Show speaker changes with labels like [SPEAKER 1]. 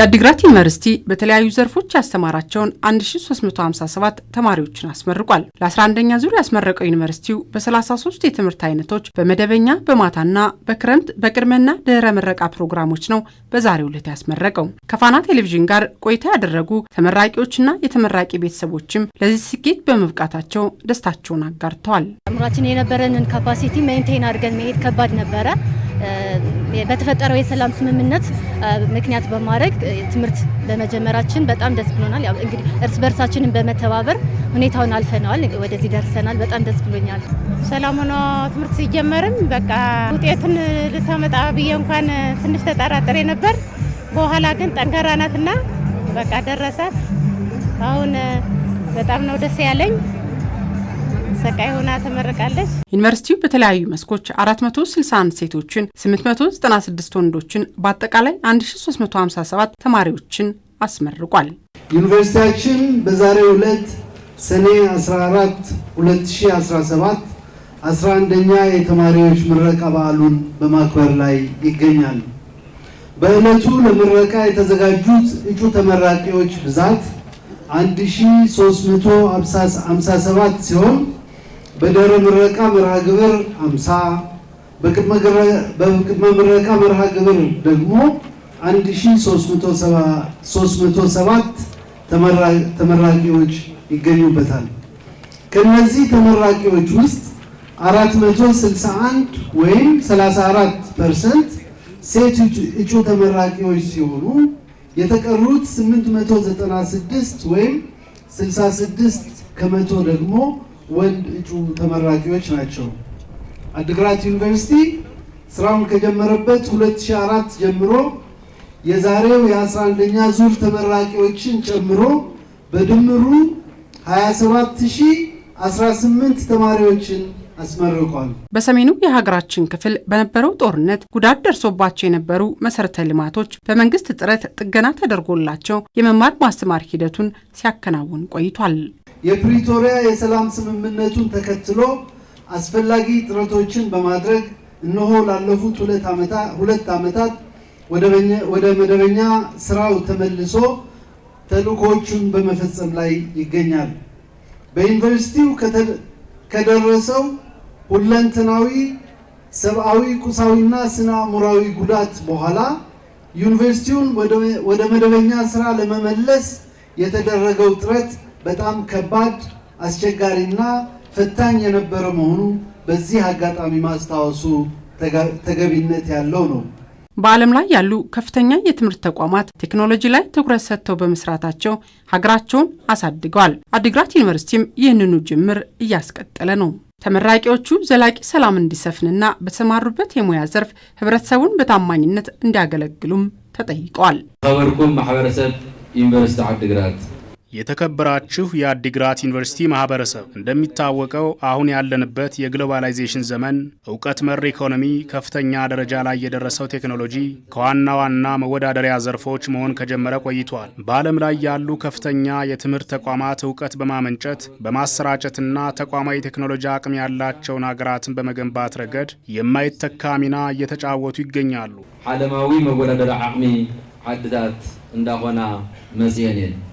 [SPEAKER 1] የአዲግራት ዩኒቨርሲቲ በተለያዩ ዘርፎች ያስተማራቸውን 1357 ተማሪዎችን አስመርቋል። ለ11ኛ ዙር ያስመረቀው ዩኒቨርሲቲው በ33 የትምህርት አይነቶች በመደበኛ በማታና በክረምት በቅድመና ድህረ ምረቃ ፕሮግራሞች ነው በዛሬው ዕለት ያስመረቀው። ከፋና ቴሌቪዥን ጋር ቆይታ ያደረጉ ተመራቂዎችና የተመራቂ ቤተሰቦችም ለዚህ ስኬት በመብቃታቸው ደስታቸውን አጋርተዋል።
[SPEAKER 2] ምራችን የነበረንን ካፓሲቲ ሜንቴን አድርገን መሄድ ከባድ ነበረ በተፈጠረው የሰላም ስምምነት ምክንያት በማድረግ ትምህርት በመጀመራችን በጣም ደስ ብሎናል። ያው እንግዲህ እርስ በርሳችንን በመተባበር ሁኔታውን አልፈነዋል፣ ወደዚህ ደርሰናል። በጣም ደስ ብሎኛል።
[SPEAKER 3] ሰላም ሆኖ ትምህርት ሲጀመርም በቃ ውጤትን ልታመጣ ብዬ እንኳን ትንሽ ተጠራጥሬ ነበር። በኋላ ግን ጠንካራ ናትና በቃ ደረሳት። አሁን በጣም ነው ደስ ያለኝ። ሰቃይ ሆና ተመርቃለች።
[SPEAKER 1] ዩኒቨርሲቲው በተለያዩ መስኮች 461 ሴቶችን፣ 896 ወንዶችን በአጠቃላይ 1357 ተማሪዎችን አስመርቋል።
[SPEAKER 4] ዩኒቨርሲቲያችን በዛሬው ዕለት ሰኔ 14 2017 11ኛ የተማሪዎች ምረቃ በዓሉን በማክበር ላይ ይገኛል። በዕለቱ ለምረቃ የተዘጋጁት እጩ ተመራቂዎች ብዛት 1357 ሲሆን በደረ ምረቃ መርሃ ግብር 50 በቅድመ ምረቃ መርሃ ግብር ደግሞ 1307 ተመራቂዎች ይገኙበታል። ከነዚህ ተመራቂዎች ውስጥ 461 ወይም 34 ፐርሰንት ሴት እጩ ተመራቂዎች ሲሆኑ የተቀሩት 896 ወይም 66 ከመቶ ደግሞ ወንድ እጩ ተመራቂዎች ናቸው። አድግራት ዩኒቨርሲቲ ስራውን ከጀመረበት 2004 ጀምሮ የዛሬው የ11ኛ ዙር ተመራቂዎችን ጨምሮ በድምሩ 27018 ተማሪዎችን አስመርቋል።
[SPEAKER 1] በሰሜኑ የሀገራችን ክፍል በነበረው ጦርነት ጉዳት ደርሶባቸው የነበሩ መሰረተ ልማቶች በመንግስት ጥረት ጥገና ተደርጎላቸው የመማር ማስተማር ሂደቱን ሲያከናውን ቆይቷል።
[SPEAKER 4] የፕሪቶሪያ የሰላም ስምምነቱን ተከትሎ አስፈላጊ ጥረቶችን በማድረግ እነሆ ላለፉት ሁለት ዓመታት ወደ መደበኛ ስራው ተመልሶ ተልእኮዎቹን በመፈጸም ላይ ይገኛል። በዩኒቨርሲቲው ከደረሰው ሁለንተናዊ ሰብአዊ፣ ቁሳዊና ስነ አእምሯዊ ጉዳት በኋላ ዩኒቨርሲቲውን ወደ መደበኛ ስራ ለመመለስ የተደረገው ጥረት በጣም ከባድ አስቸጋሪና ፈታኝ የነበረ መሆኑ በዚህ አጋጣሚ ማስታወሱ ተገቢነት ያለው ነው።
[SPEAKER 1] በዓለም ላይ ያሉ ከፍተኛ የትምህርት ተቋማት ቴክኖሎጂ ላይ ትኩረት ሰጥተው በመስራታቸው ሀገራቸውን አሳድገዋል። አዲግራት ዩኒቨርሲቲም ይህንኑ ጅምር እያስቀጠለ ነው። ተመራቂዎቹ ዘላቂ ሰላም እንዲሰፍንና በተሰማሩበት የሙያ ዘርፍ ህብረተሰቡን በታማኝነት እንዲያገለግሉም ተጠይቀዋል።
[SPEAKER 5] ከበርኩም ማህበረሰብ ዩኒቨርሲቲ አዲግራት
[SPEAKER 6] የተከበራችሁ የአዲግራት ዩኒቨርሲቲ ማህበረሰብ፣ እንደሚታወቀው አሁን ያለንበት የግሎባላይዜሽን ዘመን እውቀት መር ኢኮኖሚ ከፍተኛ ደረጃ ላይ የደረሰው ቴክኖሎጂ ከዋና ዋና መወዳደሪያ ዘርፎች መሆን ከጀመረ ቆይቷል። በዓለም ላይ ያሉ ከፍተኛ የትምህርት ተቋማት እውቀት በማመንጨት በማሰራጨትና ተቋማዊ ቴክኖሎጂ አቅም ያላቸውን ሀገራትን በመገንባት ረገድ የማይተካ ሚና እየተጫወቱ ይገኛሉ።
[SPEAKER 5] ዓለማዊ መወዳደሪያ አቅሚ ዓድታት እንዳሆና መጽየን